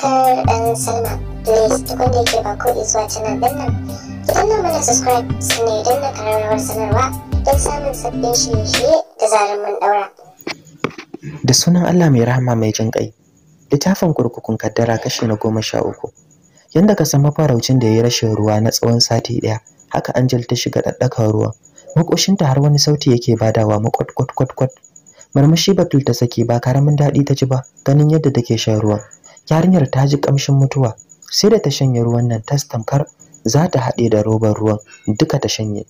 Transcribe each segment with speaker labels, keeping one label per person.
Speaker 1: subscribe and sign up. Please tukun da yake ba ko zuwa canal din nan. Ki danna mana subscribe sannan idan na kararrawar sanarwa don samun sabbin shirye-shirye da zarar mun daura. Da sunan Allah mai rahama mai jin ƙai, littafin kurkukun kaddara kashi na goma sha uku. Yadda ka san mafaraucin da ya yi rashin ruwa na tsawon sati ɗaya, haka Angel ta shiga ɗaɗɗakar ruwa. Makoshinta har wani sauti yake badawa makwat kwat kwat kwat. Marmashi Batul ta saki ba karamin daɗi ta ji ba ganin yadda take shan ruwan. yarinyar ta ji kamshin mutuwa sai da ta shanye ruwan nan tas tamkar za ta haɗe da robar ruwan duka ta shanye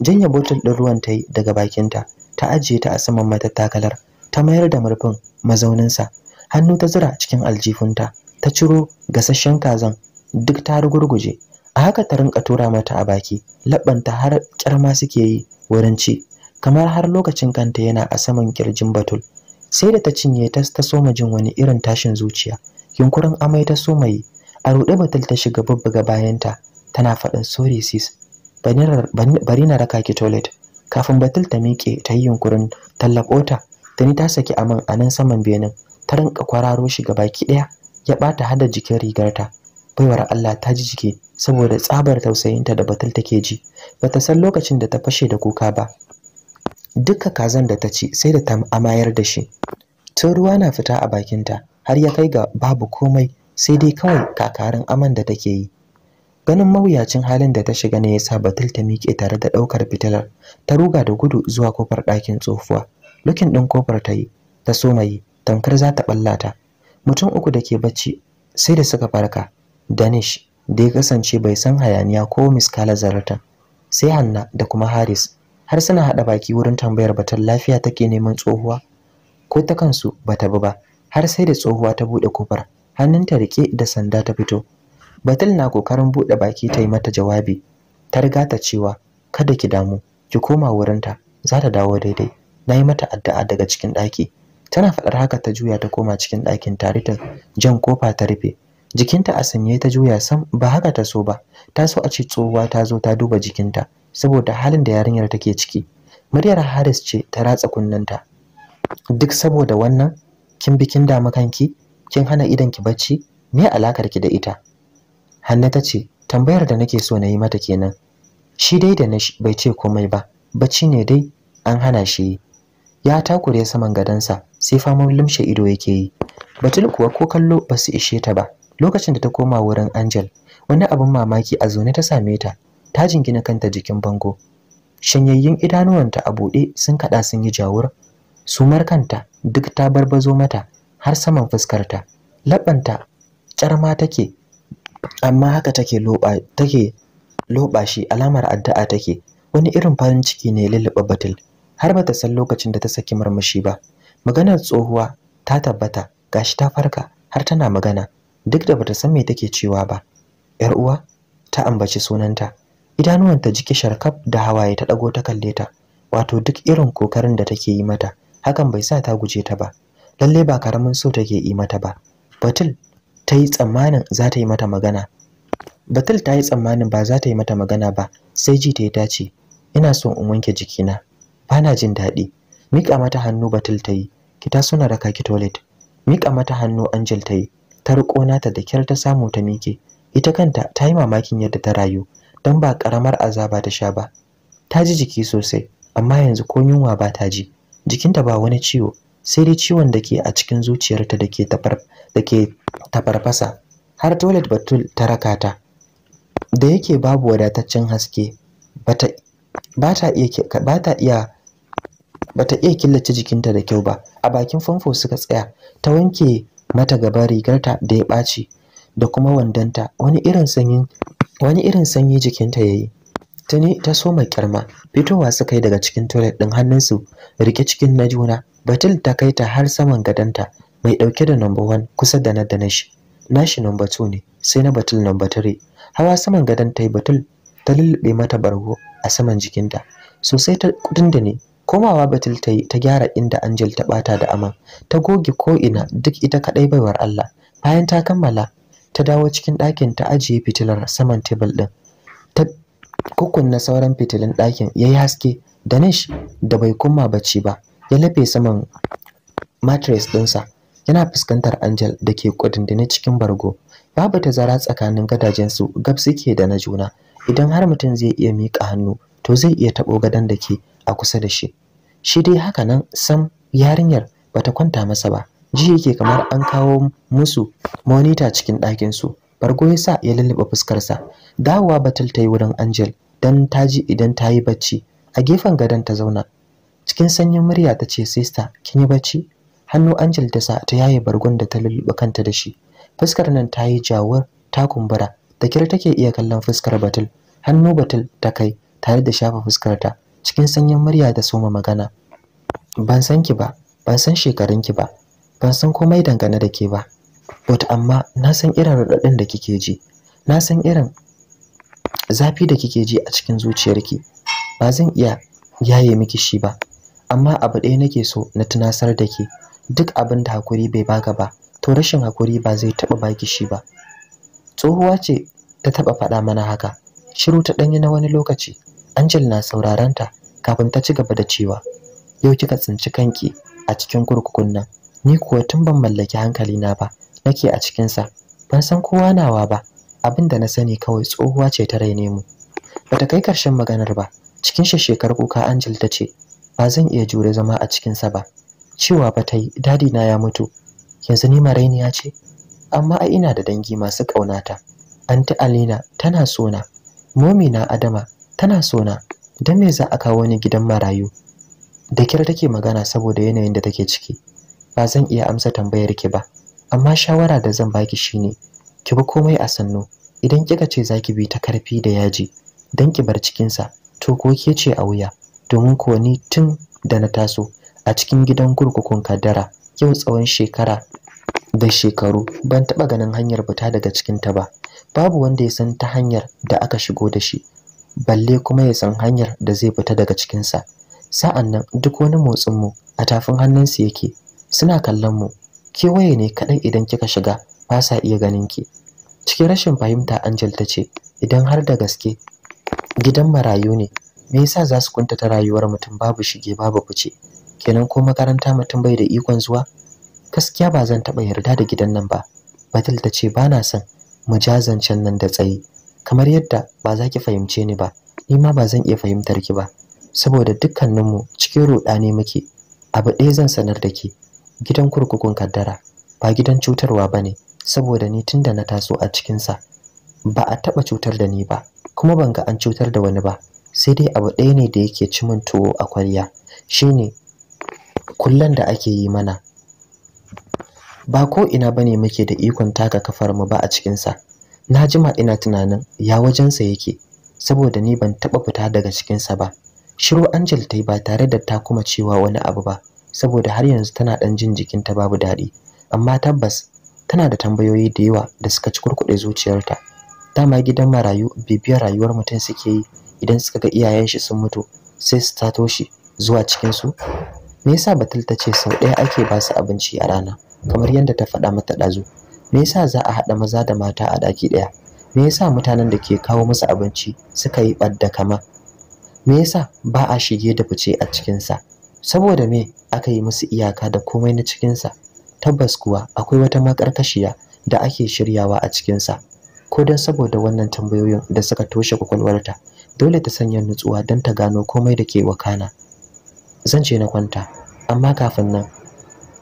Speaker 1: janye botul ɗin ruwan ta yi daga bakinta ta ajiye ta a saman matattakalar ta mayar da murfin mazauninsa hannu ta zura cikin aljifunta ta ciro gasasshen kazan duk ta rugurguje a haka ta rinka tura mata a baki labbanta har kyarma suke yi wurin ci kamar har lokacin kanta yana a saman kirjin batul sai da ta cinye ta ta soma jin wani irin tashin zuciya yunkurin amai ta so mai a rude batul ta shiga bubbuga bayanta tana faɗin sorry sis bari na raka ki toilet kafin batul ta miƙe ta yi yunkurin tallakota tani ta saki aman a nan saman benin ta rinka kwararo shi gaba ki ɗaya ya ɓata hada jikin rigarta baiwar Allah ta ji jiki saboda tsabar tausayinta da batul take ji bata san lokacin da ta fashe da kuka ba dukka kazan da ta ci sai da ta amayar da shi tun ruwa na fita a bakinta har ya kai ga babu komai sai dai kawai kakarin aman da take yi ganin mawuyacin halin da ta shiga ne yasa batul ta miƙe tare da ɗaukar fitilar ta ruga da gudu zuwa kofar ɗakin tsofuwa lukin ɗin kofar ta yi ta soma yi tamkar za ta ɓallata mutum uku da ke bacci sai da suka farka danish da ya kasance bai san hayaniya ko miskala zaratan sai hanna da kuma haris har suna haɗa baki wurin tambayar batun lafiya take neman tsohuwa ko ta kansu bata bi ba har sai da tsohuwa ta buɗe kofar hannunta rike da sanda ta fito batul na kokarin buɗe baki ta yi mata jawabi ta riga ta cewa kada ki damu ki koma wurinta za ta dawo daidai na yi mata addu'a daga cikin ɗaki tana faɗar haka ta juya ta koma cikin ɗakin tare da jan kofa ta rufe jikinta a sanye ta juya sam ba haka ta so ba ta so a ce tsohuwa ta zo ta duba jikinta saboda halin da yarinyar take ciki muryar Haris ce ta ratsa kunnanta duk saboda wannan kin bikin kin damu kanki kin hana idan ki bacci me alakar ki da ita hanna ta ce tambayar da nake so na yi mata kenan shi dai da bai ce komai ba bacci ne dai an hana shi ya takure saman gadansa sai faman limshe ido yake yi batul kuwa ko kallo ba su ishe ta ba lokacin da ta koma wurin angel wani abin mamaki a zaune ta same ta ta jingina kanta jikin bango shanyayyun idanuwanta a buɗe sun kaɗa sun yi jawur sumar kanta duk ta barbazo mata har saman fuskarta labanta carma take amma haka take loba take loba shi alamar addu'a take wani irin farin ciki ne lulluɓa batil, har bata san lokacin da ta saki marmashi ba maganar tsohuwa ta tabbata gashi ta farka har tana magana duk da bata san me take cewa ba yar uwa ta ambaci sunanta idanuwanta jiki sharkaf da hawaye ta dago ta kalle ta wato duk irin kokarin da take yi mata hakan bai sa ta guje ta ba lalle ba karamin so take yi mata ba batul ta yi tsammanin za ta yi mata magana batul ta yi tsammanin ba za ta yi mata magana ba sai ji ta yi tace, ina son in wanke jikina bana jin daɗi miƙa mata hannu batul ta yi ki ta suna raka ki toilet Mika mata hannu angel ta yi ta riƙo nata da kyar ta samu ta mike. ita kanta ta yi mamakin yadda ta rayu dan ba ƙaramar azaba ta sha ba ta ji jiki sosai amma yanzu ko yunwa ba ta ji jikinta ba wani ciwo sai dai ciwon da ke a cikin zuciyarta da ke tafarfasa har toilet batul ta raka ta da yake babu wadataccen haske ba ta iya bata iya killace jikinta da kyau ba a bakin famfo suka tsaya ta wanke mata gaba rigarta da ya ɓaci da kuma wandanta wani irin sanyi wani irin sanyi jikinta yayi tuni ta soma kyarma fitowa suka yi daga cikin toilet din hannunsu rike cikin na juna batul ta kai ta har saman gadanta mai dauke da number 1 kusa da na danish nashi number 2 ne sai na batul number 3 hawa saman gadan ta yi batul ta lullube mata bargo a saman jikinta sosai ta kudin da ne komawa batul ta yi ta gyara inda angel ta bata da aman ta goge ko ina duk ita kadai baiwar Allah bayan ta kammala ta dawo cikin ɗakin ta ajiye fitilar saman tebul din kukunna sauran fitilun ɗakin ya yi haske danish da bai kuma bacci ba ya lafe saman matres ɗinsa yana fuskantar angel da ke na cikin bargo babu tazara tsakanin gadajensu gab suke da na juna idan har mutum zai iya mika hannu to zai iya taɓo gadon da ke a kusa da shi shi dai haka nan sam yarinyar bata kwanta masa ba ji yake kamar an kawo musu monita cikin ɗakinsu bargo ya sa ya lulluɓe fuskarsa dawowa batul ta yi wurin angel don ta ji idan ta yi bacci a gefen gadon ta zauna cikin sanyin murya ta ce sista kin yi bacci hannu angel ta sa ta yaye bargon da ta lulluɓe kanta da shi fuskar nan ta yi jawar ta kumbura da kyar take iya kallon fuskar batul hannu batul ta kai tare da shafa fuskar ta. cikin sanyin murya da soma magana ban san ki ba ban san shekarun ki ba ban san komai dangane da ke ba but amma na san irin raɗaɗin da kike ji na san irin zafi da kike ji a cikin zuciyarki ba zan iya yaye miki shi ba amma abu ɗaya nake so na tunasar da ke duk abin da hakuri bai baka ba to rashin hakuri ba zai taɓa baki shi ba tsohuwa ce ta taɓa faɗa mana haka shiru ta ɗanyi na wani lokaci angel na saurarenta, kafin ta ci gaba da cewa yau kika tsinci kanki a cikin kurkukun nan ni kuwa tun ban mallaki hankali na ba nake a cikinsa ban san kowa nawa ba abin da na sani kawai tsohuwa ce ta raine mu bata kai karshen maganar ba cikin shekar kuka Angel ta ce ba zan iya jure zama a cikin sa ba cewa ba ta yi dadi na ya mutu yanzu ni ma marainiya ce amma ai ina da dangi masu kaunata anti Alina tana sona momi na Adama tana sona dan me za a kawo ni gidan marayu da kira take magana saboda yanayin da take ciki ba zan iya amsa tambayar ki ba amma shawara da zan baki shine ki bi komai a sannu idan kika ce zaki bi ta karfi da yaji dan ki bar cikin sa to ko ke ce a wuya domin ko ni tun da na taso a cikin gidan kurkukun kaddara yau tsawon shekara da shekaru ban taba ganin hanyar fita daga cikin ta ba babu wanda ya san ta hanyar da aka shigo da shi balle kuma ya san hanyar da zai fita daga cikin sa sa'annan duk wani motsin mu a tafin hannunsu yake suna kallon mu kewaye ne kaɗai idan kika shiga ba sa iya ganin ki cikin rashin fahimta Angel ta ce idan har da gaske gidan marayu ne me yasa za su kuntata rayuwar mutum babu shige babu fice kenan ko makaranta mutum bai da ikon zuwa gaskiya ba zan taɓa yarda da gidan nan ba batil ta ce ba na son mu jazancen nan da tsayi kamar yadda ba za ki fahimce ni ba ni ma ba zan iya fahimtar ki ba saboda dukkaninmu cikin ne muke abu ɗaya zan sanar da ke gidan kurkukun kaddara ba gidan cutarwa ba ne saboda ni tunda na taso a cikinsa ba a taɓa cutar da ni ba kuma ban ga an cutar da wani ba sai dai abu ɗaya ne da yake ci min tuwo a kwarya shine kullan da ake yi mana ba ko ina bane muke da ikon taka kafar mu ba a cikinsa na jima ina tunanin ya wajen sa yake saboda ni ban taɓa fita daga cikinsa ba shiru angel ta ba tare da ta kuma cewa wani abu ba saboda har yanzu tana ɗan jin jikinta babu daɗi amma tabbas tana da tambayoyi da yawa da suka ci kurkuɗe zuciyarta dama gidan marayu bibiyar rayuwar mutum suke yi idan suka ga iyayen shi sun mutu sai su tato shi zuwa cikin su me yasa batul ta ce sau ɗaya ake ba su abinci a rana kamar yadda ta faɗa mata ɗazu me yasa za a haɗa maza da mata a ɗaki ɗaya me yasa mutanen da ke kawo musu abinci suka yi ɓadda kama me yasa ba a shige da fice a cikinsa saboda me aka yi musu iyaka da komai na cikinsa tabbas kuwa akwai wata makarkashiya da ake shiryawa a cikinsa ko don saboda wannan tambayoyin da suka toshe kwakwalwarta dole ta sanya nutsuwa don ta gano komai da ke wakana zan ce na kwanta amma kafin nan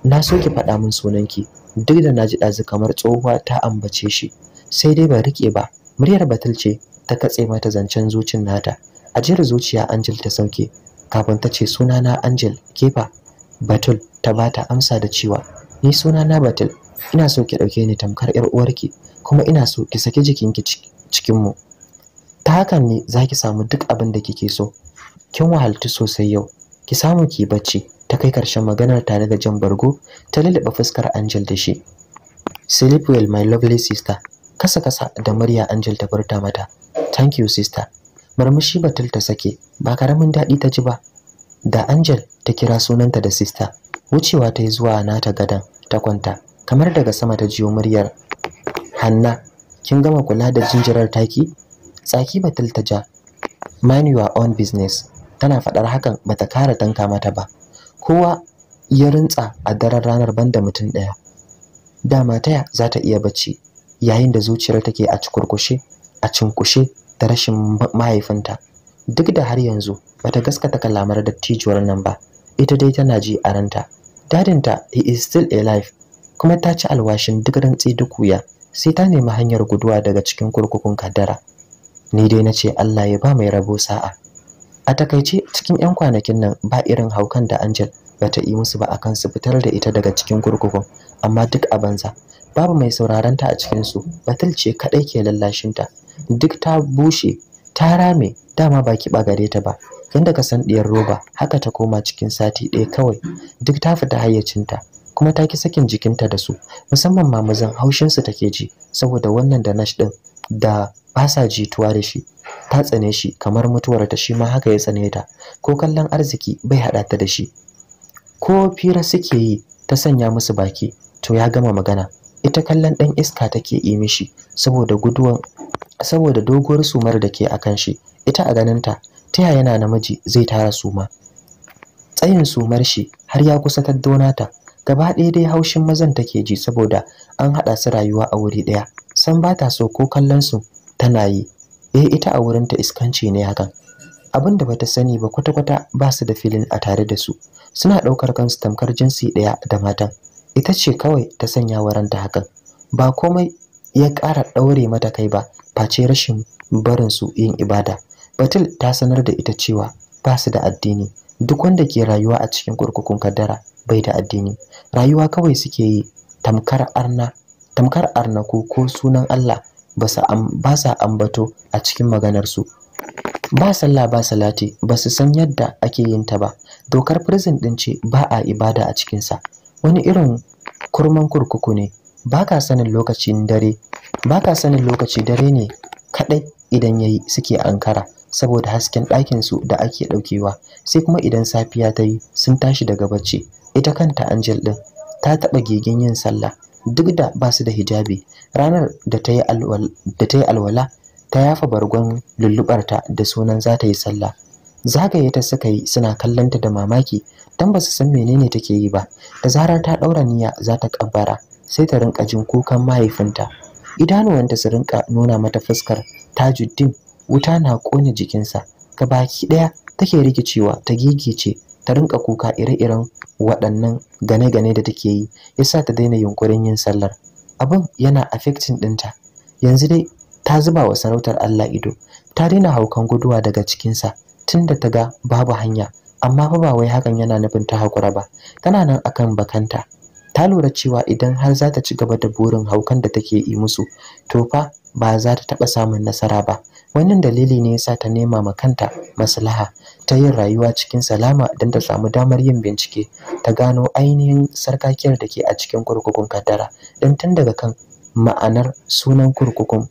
Speaker 1: na so ki faɗa min sunanki duk da na ji ɗazu kamar tsohuwa ta ambace shi sai dai ba riƙe ba muryar batul ce ta katse mata zancen zucin nata A ajiyar zuciya angel ta sauke kafin ta ce sunana angel kefa batul ta bata amsa da cewa ni suna na batul ina so ki ɗauke ni tamkar yar uwarki kuma ina so ki saki jikinki cikin mu ta hakan ne zaki samu duk abin da kike so kin wahaltu sosai yau ki samu ki bacci ta kai karshen maganar tare da jan bargo ta lulluɓe fuskar Angel da shi sleep well my lovely sister kasa kasa da murya Angel ta furta mata thank you sister murmushi batul ta sake ba karamin daɗi ta ji ba da Angel ta kira sunanta da sister wucewa ta yi zuwa nata gadon ta kwanta kamar daga sama ta jiyo muryar hanna kin gama kula da jinjirar taki tsaki batul ta ja mind your own business tana faɗar hakan bata kara tanka mata ba kowa ya rintsa a daren ranar banda mutum ɗaya dama taya za ta iya bacci yayin da zuciyar take a cikurkushe a cinkushe da rashin mahaifinta duk da har yanzu bata gaskata kalamar dattijuwar nan ba ita dai tana ji a ranta dadinta he is still alive kuma ta ci alwashin duk rantsi duk wuya sai ta nemi hanyar guduwa daga cikin kurkukun kaddara ni dai na ce Allah ya ba mai rabo sa'a a takaice cikin 'yan kwanakin nan ba irin haukan da Angel bata yi musu ba akan su fitar da ita daga cikin kurkukun amma duk a banza babu mai sauraron ta a cikin su batul ce kadai ke lallashin ta duk ta bushe ta rame dama baki ba gare ta ba yanda ka san diyar roba haka ta koma cikin sati ɗaya kawai duk ta fita hayyacinta kuma ta ki sakin jikinta da su musamman mamazan haushin su take ji saboda wannan da nash din da ba sa jituwa da shi ta tsane shi kamar mutuwar ta shi ma haka ya tsane ta ko kallon arziki bai hada ta da shi ko fira suke yi ta sanya musu baki to ya gama magana ita kallon ɗan iska take yi mishi saboda guduwan saboda doguwar sumar da ke akan shi ita a ganinta ta yaya yana namiji zai tara suma tsayin sumar shi har ya kusa ta ta gaba ɗaya dai haushin mazan take ji saboda an haɗa su rayuwa a wuri ɗaya san ba ta so ko kallon su tana yi eh ita a wurinta iskanci ne hakan abin da bata sani ba kwata-kwata ba su da filin a tare da su suna ɗaukar kansu tamkar jinsi ɗaya da matan ita ce kawai ta sanya wa ranta hakan ba komai ya ƙara ɗaure mata kai ba face rashin barin su yin ibada batul ta sanar da ita cewa ba su da addini duk wanda ke rayuwa a cikin kurkukun kaddara bai da addini rayuwa kawai suke yi tamkar arna tamkar ko sunan Allah ba sa ambato a cikin maganarsu ba sallah ba salati ba su san yadda ake yin ta ba dokar prison din ce ba a ibada a cikinsa wani irin kurman kurkuku ne ba ka sanin lokacin dare ba ka sanin lokaci dare ne kaɗai idan ya yi suke ankara saboda hasken ɗakin su da ake ɗaukewa sai kuma idan safiya ta yi sun tashi daga bacci ita kanta Angel ɗin. ta taɓa gigin yin sallah duk da ba su da hijabi ranar da ta yi alwala ta yafa bargon lullubarta da sunan za ta yi sallah zagayeta ta suka yi suna kallonta da mamaki don ba su san menene take yi ba da zarar ta ɗaura niyya za ta ƙabbara. sai ta rinka jin kukan mahaifinta idanuwanta su rinka nuna mata fuskar tajuddin wuta na kone jikinsa Ga gabaki daya take rikicewa ta gigice ta rinka kuka ire-iren waɗannan gane-gane da take yi yasa ta daina yunkurin yin sallar abin yana affecting ɗinta yanzu dai ta zuba wa sarautar Allah ido ta daina haukan guduwa daga cikinsa tunda ta ga babu hanya amma fa ba wai hakan yana nufin ta hakura ba tana nan akan bakanta ta lura cewa idan har za ta ci gaba da burin haukan da take yi musu to fa ba za ta taɓa samun nasara ba wannan dalili ne yasa ta nema ma kanta maslaha ta yin rayuwa cikin salama don ta samu damar yin bincike ta gano ainihin sarkakiyar da ke a cikin kurkukun kaddara don tun daga kan ma'anar sunan kurkukun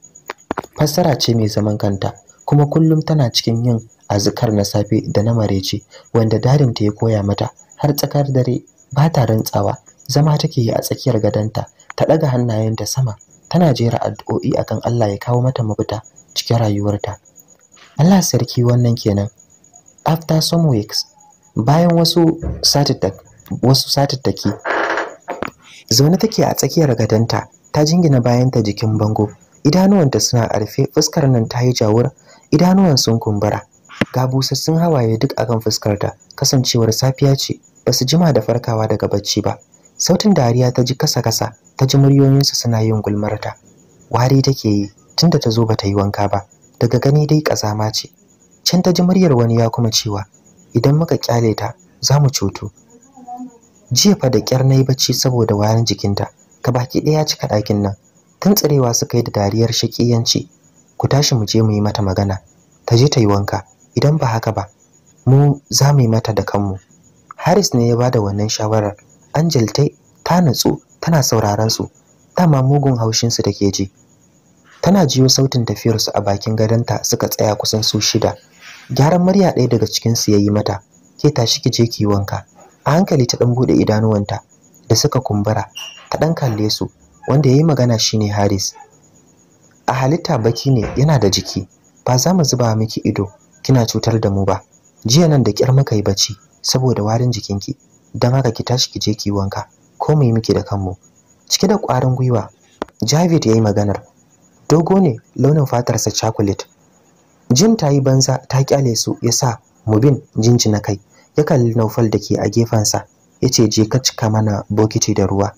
Speaker 1: fassara ce mai zaman kanta kuma kullum tana cikin yin azkar na safe da na mareci wanda darin ta ya koya mata har tsakar dare ba ta rantsawa zama take yi a tsakiyar gadonta ta ɗaga hannayenta sama tana jera addu'o'i akan Allah ya kawo mata mafita cikin rayuwarta Allah sarki wannan kenan after some weeks bayan wasu satittaki wasu satittaki zaune take a tsakiyar gadanta ta jingina bayanta jikin bango idanuwanta suna arfe fuskar nan ta yi jawur idanuwan sun kumbura ga busassun hawaye duk akan fuskarta kasancewar safiya ce basu jima da farkawa daga bacci ba sautin dariya ta ji kasa-kasa ta ji muryoyinsu suna yin gulmarta wari take yi tunda ta zo ba ta yi wanka ba daga gani dai ƙazama ce can ta ji muryar wani ya kuma cewa idan muka kyale ta za mu cutu jiya fa da ƙyar na yi bacci saboda warin jikinta ka baki ɗaya cika ɗakin nan tun tsirewa suka yi da dariyar shaƙiyanci ku tashi mu je mu yi mata magana ta je ta yi wanka idan ba haka ba mu za mu yi mata da kanmu haris ne ya ba da wannan shawarar Angel ta natsu tana sauraron su dama mugun haushin su dake ji tana jiyo sautin tafiyar su a bakin gadonta suka tsaya kusan su shida gyaran murya ɗaya daga cikin su yayi mata ke tashi ki je ki wanka a hankali ta dan bude idanuwanta da suka kumbura ta dan kalle su wanda yayi magana shine Haris a halitta baki ne yana da jiki ba za mu zuba miki ido kina cutar da mu ba jiya nan da kyar muka yi bacci saboda warin jikinki Dan haka ki tashi ki je ki wanka ko mu miki da kanmu cike da ƙwarin gwiwa Javid ya yi maganar dogo ne launin fatarsa chocolate jin ta yi banza ta kyale su ya sa jinji na kai ya kalli naufal da ke a gefensa ya ce je ka cika mana bokiti da ruwa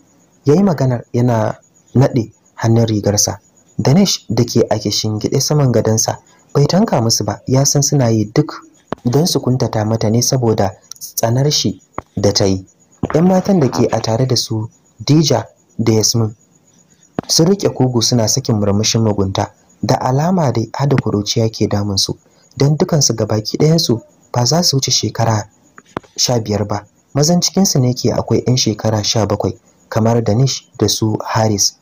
Speaker 1: yayi yi maganar yana naɗe hannun rigarsa danish da ke a gide saman gadonsa bai tanka musu ba ya san suna yi duk don su kuntata mata ne saboda tsanar shi da ta yi ‘yan matan da ke a tare da su dija da yasmin sun riƙe kogo suna sakin murmushin mugunta da alama dai hada kuruciya ke damun damunsu don dukansu gabaki ɗayansu ba za su wuce shekara sha biyar ba mazan cikinsu ne ke akwai 'yan shekara sha bakwai kamar danish da su haris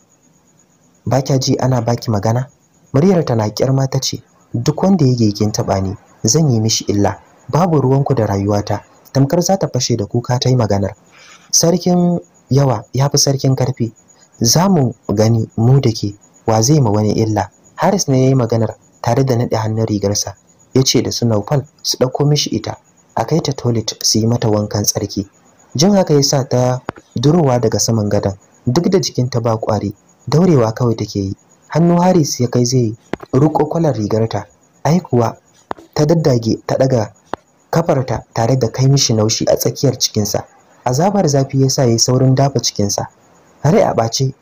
Speaker 1: ba kya ji ana baki magana muryar ta na kyarma ta ce duk wanda ya kin taɓa ni zan yi mishi illa babu ruwanku da rayuwata tamkar za ta fashe da kuka ta yi maganar sarkin yawa ya fi sarkin karfi za mu gani mu da ke wa zai ma wani illa haris ne ya yi maganar tare da naɗe hannun rigarsa ya ce da su naufal su ɗauko mishi ita a kai ta toilet su yi mata wankan tsarki jin haka ya sa ta durowa daga saman gadon duk da jikin ta ba ƙwari daurewa kawai take yi hannu haris ya kai zai ruko kwalar rigarta ai kuwa ta daddage ta ɗaga. kafarta tare da kai mishi naushi a tsakiyar cikinsa azabar zafi ya sa ya yi saurin dafa cikinsa hare a ɓace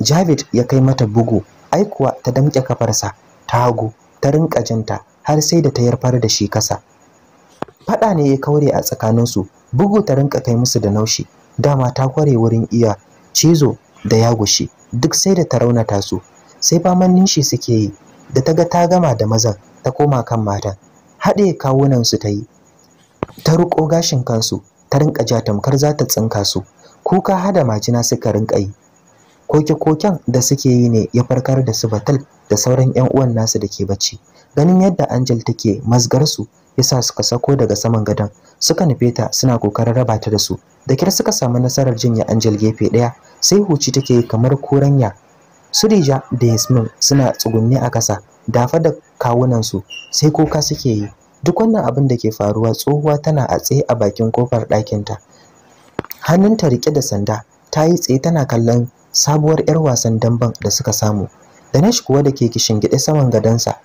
Speaker 1: javid ya kai mata bugu aikuwa ta damƙe kafarsa ta hagu ta rinƙa jinta har sai da ta yarfar da shi kasa faɗa ne ya kaure a tsakaninsu bugu ta rinƙa kai musu da naushi dama ta kware wurin iya cizo da yagushi duk sai da ta raunata su sai famannin shi suke yi da ta ga ta gama da mazan ta koma kan matan haɗe kawunansu ta yi ta ruko gashin kansu ta rinƙa ja tamkar za ta tsinka su kuka hada majina suka rinƙa yi koke-koken da suke yi ne ya farkar da su batal da sauran 'yan uwan nasu da ke bacci ganin yadda angel take masgarsu ya sa suka sako daga saman gadon suka nufe ta suna kokarin raba ta da su da kyar suka samu nasarar jinya angel gefe ɗaya sai huci take kamar koranya surija da yasmin suna tsugunne a ƙasa dafa da kawunansu sai kuka suke yi duk wannan abin da ke faruwa tsohuwa tana a tsaye a bakin kofar ɗakinta hannunta riƙe da sanda ta yi tsaye tana kallon sabuwar 'yar wasan damben da suka samu Da na shi kuwa da ke gida saman gadonsa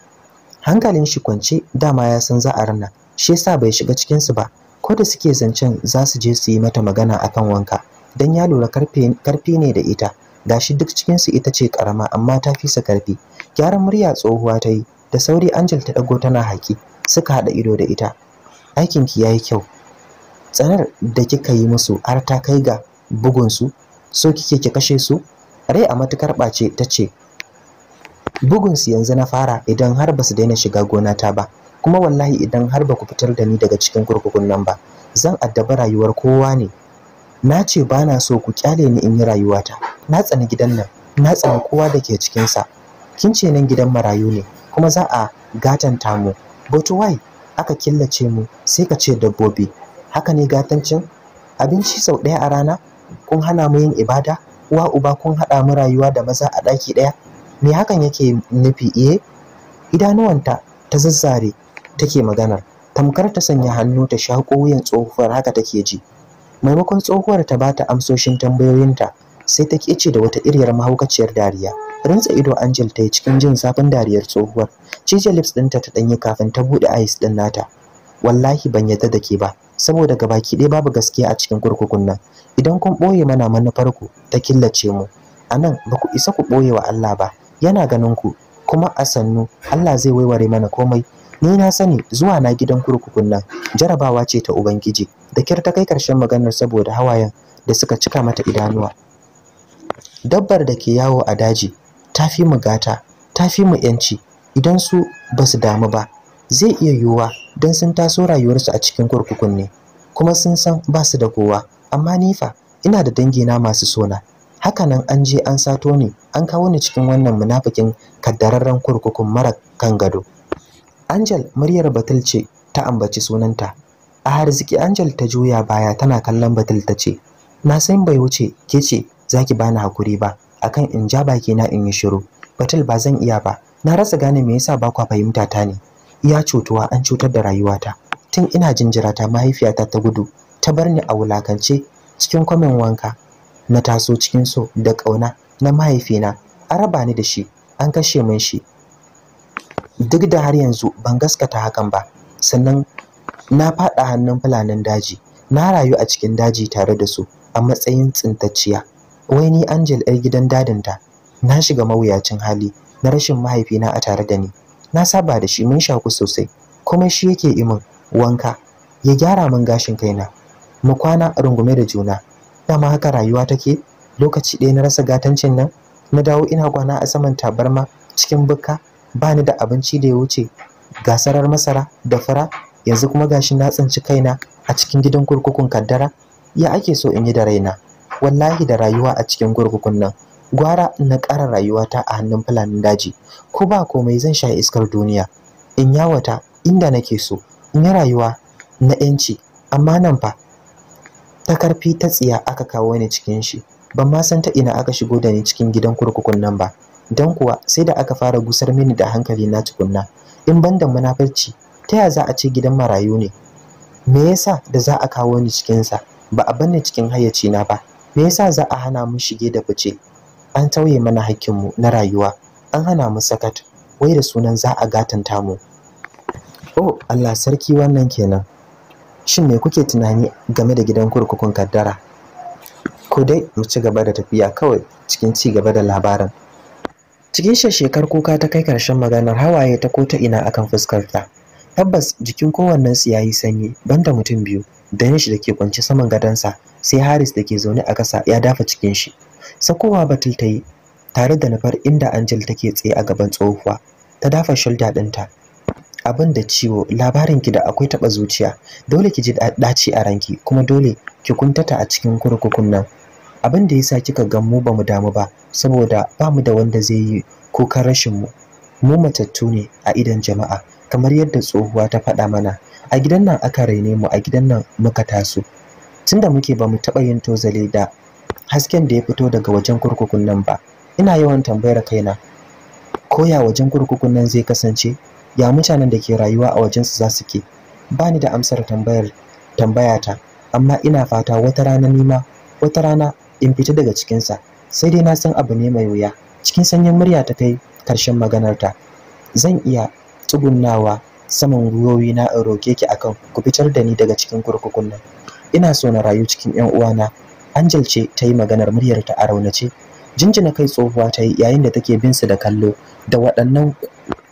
Speaker 1: hankalin shi kwance dama ya san za a rana shi yasa bai shiga cikinsu ba ko da suke zancen za su je su yi mata magana akan wanka Dan ya lura karfi ne da ita gashi duk cikinsu ita ce karama amma ta fi sa karfi gyaran murya tsohuwa ta yi da sauri angel ta ɗago tana haƙi suka haɗa ido da ita aikinki ya yi kyau tsanar da kika yi musu har ta kai ga bugunsu so kike ki kashe su rai a matukar ɓace ta ce bugunsu yanzu na fara idan har ba su daina shiga gonata ba kuma wallahi idan har ba ku fitar da ni daga cikin kurkukun nan ba zan addaba rayuwar kowa ne na ce ba na so ku kyale ni in yi rayuwata na tsani gidan nan na tsani kowa da ke cikinsa kin ce nan gidan marayu ne kuma za a gatanta mu but why aka killace mu sai ka ce dabbobi haka ne gatancin abinci sau ɗaya a rana kun hana mu yin ibada uwa uba kun haɗa mu rayuwa da maza a ɗaki ɗaya me hakan yake nufi iye eh, idanuwanta ta zazzare take maganar tamkar ta sanya hannu ta shaƙo wuyan tsohuwar haka take ji maimakon tsohuwar ta bata amsoshin tambayoyinta sai ta ƙice da wata iriyar mahaukaciyar dariya rantsa ido Angel ta yi cikin jin zafin dariyar tsohuwar cije lips ɗinta ta ɗanyi kafin ta buɗe eyes ɗin nata wallahi ban yadda da ke ba saboda gabaki ɗaya babu gaskiya a cikin kurkukun nan idan kun ɓoye mana manufar ku ta killace mu a nan ba ku isa ku ɓoye wa Allah ba yana ganin ku kuma a sannu Allah zai waiware mana komai ni na sani zuwa na gidan kurkukun nan jarabawa ce ta ubangiji da kyar ta kai ƙarshen maganar saboda hawayen da suka cika mata idanuwa dabbar da ke yawo a daji ta fi mu gata ta fi mu yanci idan su ba su damu ba zai iya yiwuwa don sun taso rayuwarsu a cikin kurkukun ne kuma sun san ba su da kowa amma nifa, ina da dangina masu sona hakanan an je an sato ni an kawo ni cikin wannan munafikin kaddararren kurkukun mara kan gado Angel muryar Batul ce ta ambaci sunanta a harziki Angel ta juya baya tana kallon Batul ta ce na san bai wuce ke ce zaki bani hakuri ba akan in ja baki na in yi shiru batul ba zan iya ba na rasa gane me yasa ba kwa fahimta ta ne iya cutuwa an cutar da rayuwata tun ina jinjirata mahaifiyata ta gudu ta bar ni a wulakance cikin kwamin wanka na taso cikin so da ƙauna na mahaifina an raba ni da shi an kashe min shi duk da har yanzu ban gaskata hakan ba sannan na faɗa hannun fulanin daji na rayu a cikin daji tare da su a matsayin tsintacciya wai ni angel yar gidan dadinta na shiga mawuyacin hali na rashin mahaifina a tare da ni na saba da shi mun shaku sosai kuma shi yake yi min wanka ya gyara min gashin kaina mu kwana rungume da juna dama haka rayuwa take lokaci ɗaya na rasa gatancin nan na dawo ina kwana a saman tabarma cikin bukka ba ni da abinci da ya wuce gasarar masara da fara yanzu kuma gashi na tsinci kaina a cikin gidan kurkukun kaddara ya ake so in yi da raina wallahi da rayuwa a cikin gurgukun nan gwara na ƙara rayuwata a hannun fulanin daji ko ba komai zan sha iskar duniya in yawata inda nake so in yi rayuwa na yanci amma nan fa ta karfi ta tsiya aka kawo ni cikin shi ban ma san ta ina aka shigo da ni cikin gidan kurkukun nan ba don kuwa sai da aka fara gusar mini da hankali na tukunna in ban da munafurci ta ya za a ce gidan marayu ne me yasa da za a kawo ni cikinsa ba a bar ni cikin hayyaci na ba me yasa za a hana mu shige da fice an tauye mana hakkin mu na rayuwa an hana mu sakat wai da sunan za a gatanta mu oh Allah sarki wannan kenan shin me kuke tunani game da gidan kurkukun kaddara ko dai mu ci gaba da tafiya kawai cikin ci gaba da labarin cikin shekar kuka ta kai karshen maganar hawaye ta ko ta ina akan fuskarta tabbas jikin kowannen su yayi sanyi banda mutum biyu danish da ke kwance saman gadonsa sai haris da ke zaune a ƙasa ya dafa cikin shi sakowa batul ta yi tare da nufar inda angel take tsaye a gaban tsohuwa ta dafa shulda ɗinta abin da ciwo labarin ki da akwai taɓa zuciya dole ki ji ɗaci a ranki kuma dole ki kuntata a cikin kurkukun nan abin da yasa kika ga mu bamu damu ba saboda bamu da wanda zai yi kukan rashin mu mu matattu ne a idan jama'a kamar yadda tsohuwa ta faɗa mana a gidan nan aka raine mu a gidan nan muka taso tunda muke ba mu taɓa yin tozale da hasken da ya fito daga wajen kurkukun nan ba ina yawan tambayar kaina ko ya wajen kurkukun nan zai kasance ya mutanen da ke rayuwa a wajensu za su ke ba ni da amsar tambayar tambayata amma ina fata wata rana nima wata rana in fita daga cikinsa sai dai na san abu ne mai wuya cikin sanyin murya ta kai karshen maganarta zan iya tsugunnawa saman na in roke ki akan ku fitar da ni daga cikin kurkukun nan ina so na rayu cikin yan uwana Angel ce ta yi maganar muryar ta a raunace jinjina kai tsohuwa ta yayin da take bin su da kallo da waɗannan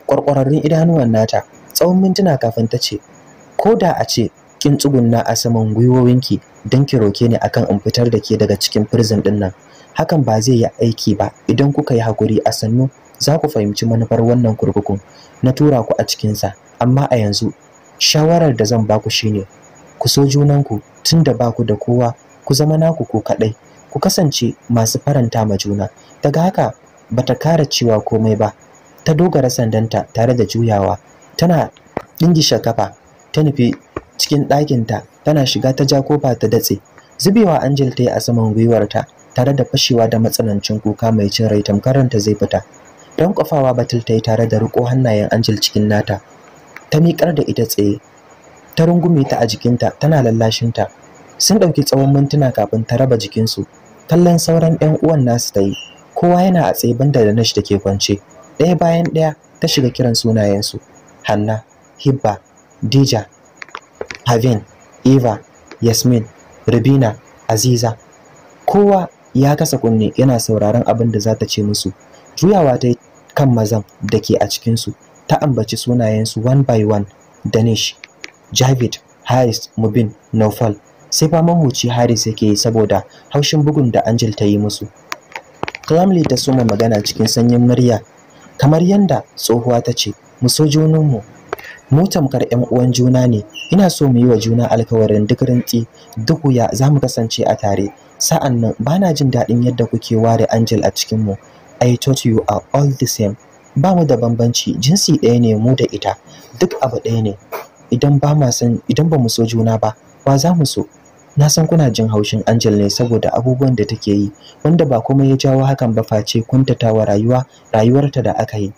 Speaker 1: kwarkwararrun idanuwan nata tsawon mintuna kafin ta ce ko da a ce kin tsugunna a saman gwiwowinki don ki roke ni akan in fitar da ke daga cikin prison din nan hakan ba zai yi aiki ba idan kuka yi hakuri a sannu za ku fahimci manufar wannan kurkukun na tura ku a cikinsa amma a yanzu shawarar da zan baku shine ku so junanku tunda da baku da kowa ku zama naku ko kaɗai ku kasance masu faranta ma juna daga haka bata kara cewa komai ba ta dogara sandanta tare da juyawa tana dingisha kafa ta nufi cikin ɗakinta tana shiga ta ja kofa ta datse zubewa angel ta yi a saman gwiwarta tare da fashewa da matsanancin kuka mai cin rai tamkaranta zai fita dan kwafawa batul ta yi tare da riko hannayen Angel cikin nata ta miƙar da ita tsaye ta rungume ta a jikinta tana lallashinta sun ɗauki tsawon mintuna kafin ta raba jikinsu kallon sauran 'yan uwan nasu ta yi kowa yana a tsaye banda da nashi da ke kwance ɗaya bayan ɗaya ta shiga kiran sunayensu hanna hibba dija havin eva yasmin rubina aziza kowa ya kasa kunne yana sauraron abin da za ta ce musu juyawa ta kan mazan da ke a cikinsu ta ambaci sunayensu one by one danish javid haris mubin naufal sai ba mahuci haris yake yi saboda haushin bugun da angel ta yi musu clamley ta soma magana cikin sanyin murya kamar yadda tsohuwa ta ce mu so junanmu mu tamkar yan uwan juna ne ina so mu yi wa juna alkawarin duk rantsi duk wuya za mu kasance a tare sa'an nan ba jin daɗin yadda kuke ware angel a cikinmu I thought you are all the same. Ba mu da bambanci, jinsi ɗaya ne mu da ita, duk abu ɗaya ne. Idan ba ma san idan ba mu so juna ba, wa za mu so? Na san kuna jin haushin Angel ne saboda abubuwan da take yi, wanda ba kuma ya jawo hakan ba face kuntatawa rayuwa, rayuwarta da aka yi.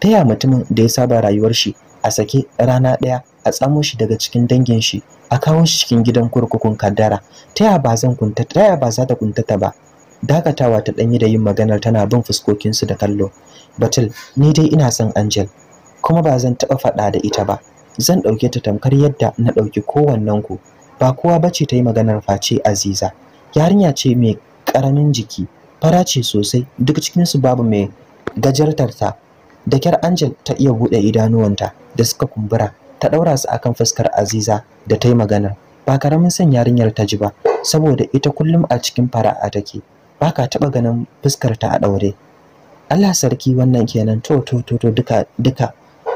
Speaker 1: Ta Taya mutumin da ya saba rayuwar shi a sake rana ɗaya a tsamo shi daga cikin dangin shi a kawo shi cikin gidan kurkukun kaddara taya ba zan kuntata ya ba za ta kuntata ba dakatawa ta danyi da yin maganar tana bin fuskokinsu da kallo batul ni dai ina son angel kuma ba zan taɓa faɗa da ita ba zan ɗauke ta tamkar yadda na ɗauki kowannenku ba kowa bace ce ta yi maganar face aziza yarinya ce mai ƙaramin jiki fara ce sosai duk cikinsu babu mai gajartar ta da kyar angel ta iya buɗe idanuwanta da suka kumbura ta ɗaura su akan fuskar aziza da ta yi maganar ba karamin son yarinyar ta ji ba saboda ita kullum a cikin fara'a take baka taɓa ganin fuskar ta a daure. Allah sarki wannan kenan to to to duka duka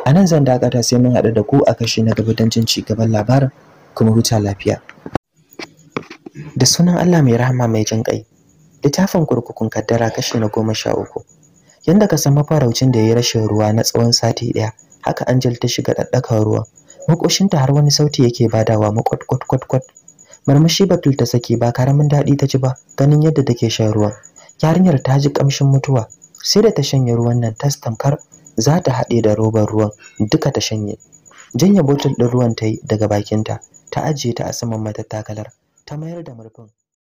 Speaker 1: a zan dakata sai mun hada da ku a kashi na gaba don jin ci gaban labarin kuma huta lafiya da sunan Allah mai rahama mai jin ƙai littafin kurkukun kaddara kashi na goma sha uku yanda ka san mafaraucin da ya yi rashin ruwa na tsawon sati ɗaya haka Angel ta shiga ɗaɗɗakar ruwa makoshinta har wani sauti yake badawa makwat kwat kwat kwat Marmashi Batul ta saki ba karamin daɗi ta ji ba ganin yadda take shan ruwa. Yarinyar ta ji kamshin mutuwa sai da ta shanye ruwan nan tas tamkar za ta haɗe da robar ruwan duka ta shanye. Janye botul ɗin ruwan ta yi daga bakinta ta ajiye ta a saman matattakalar ta mayar da murfin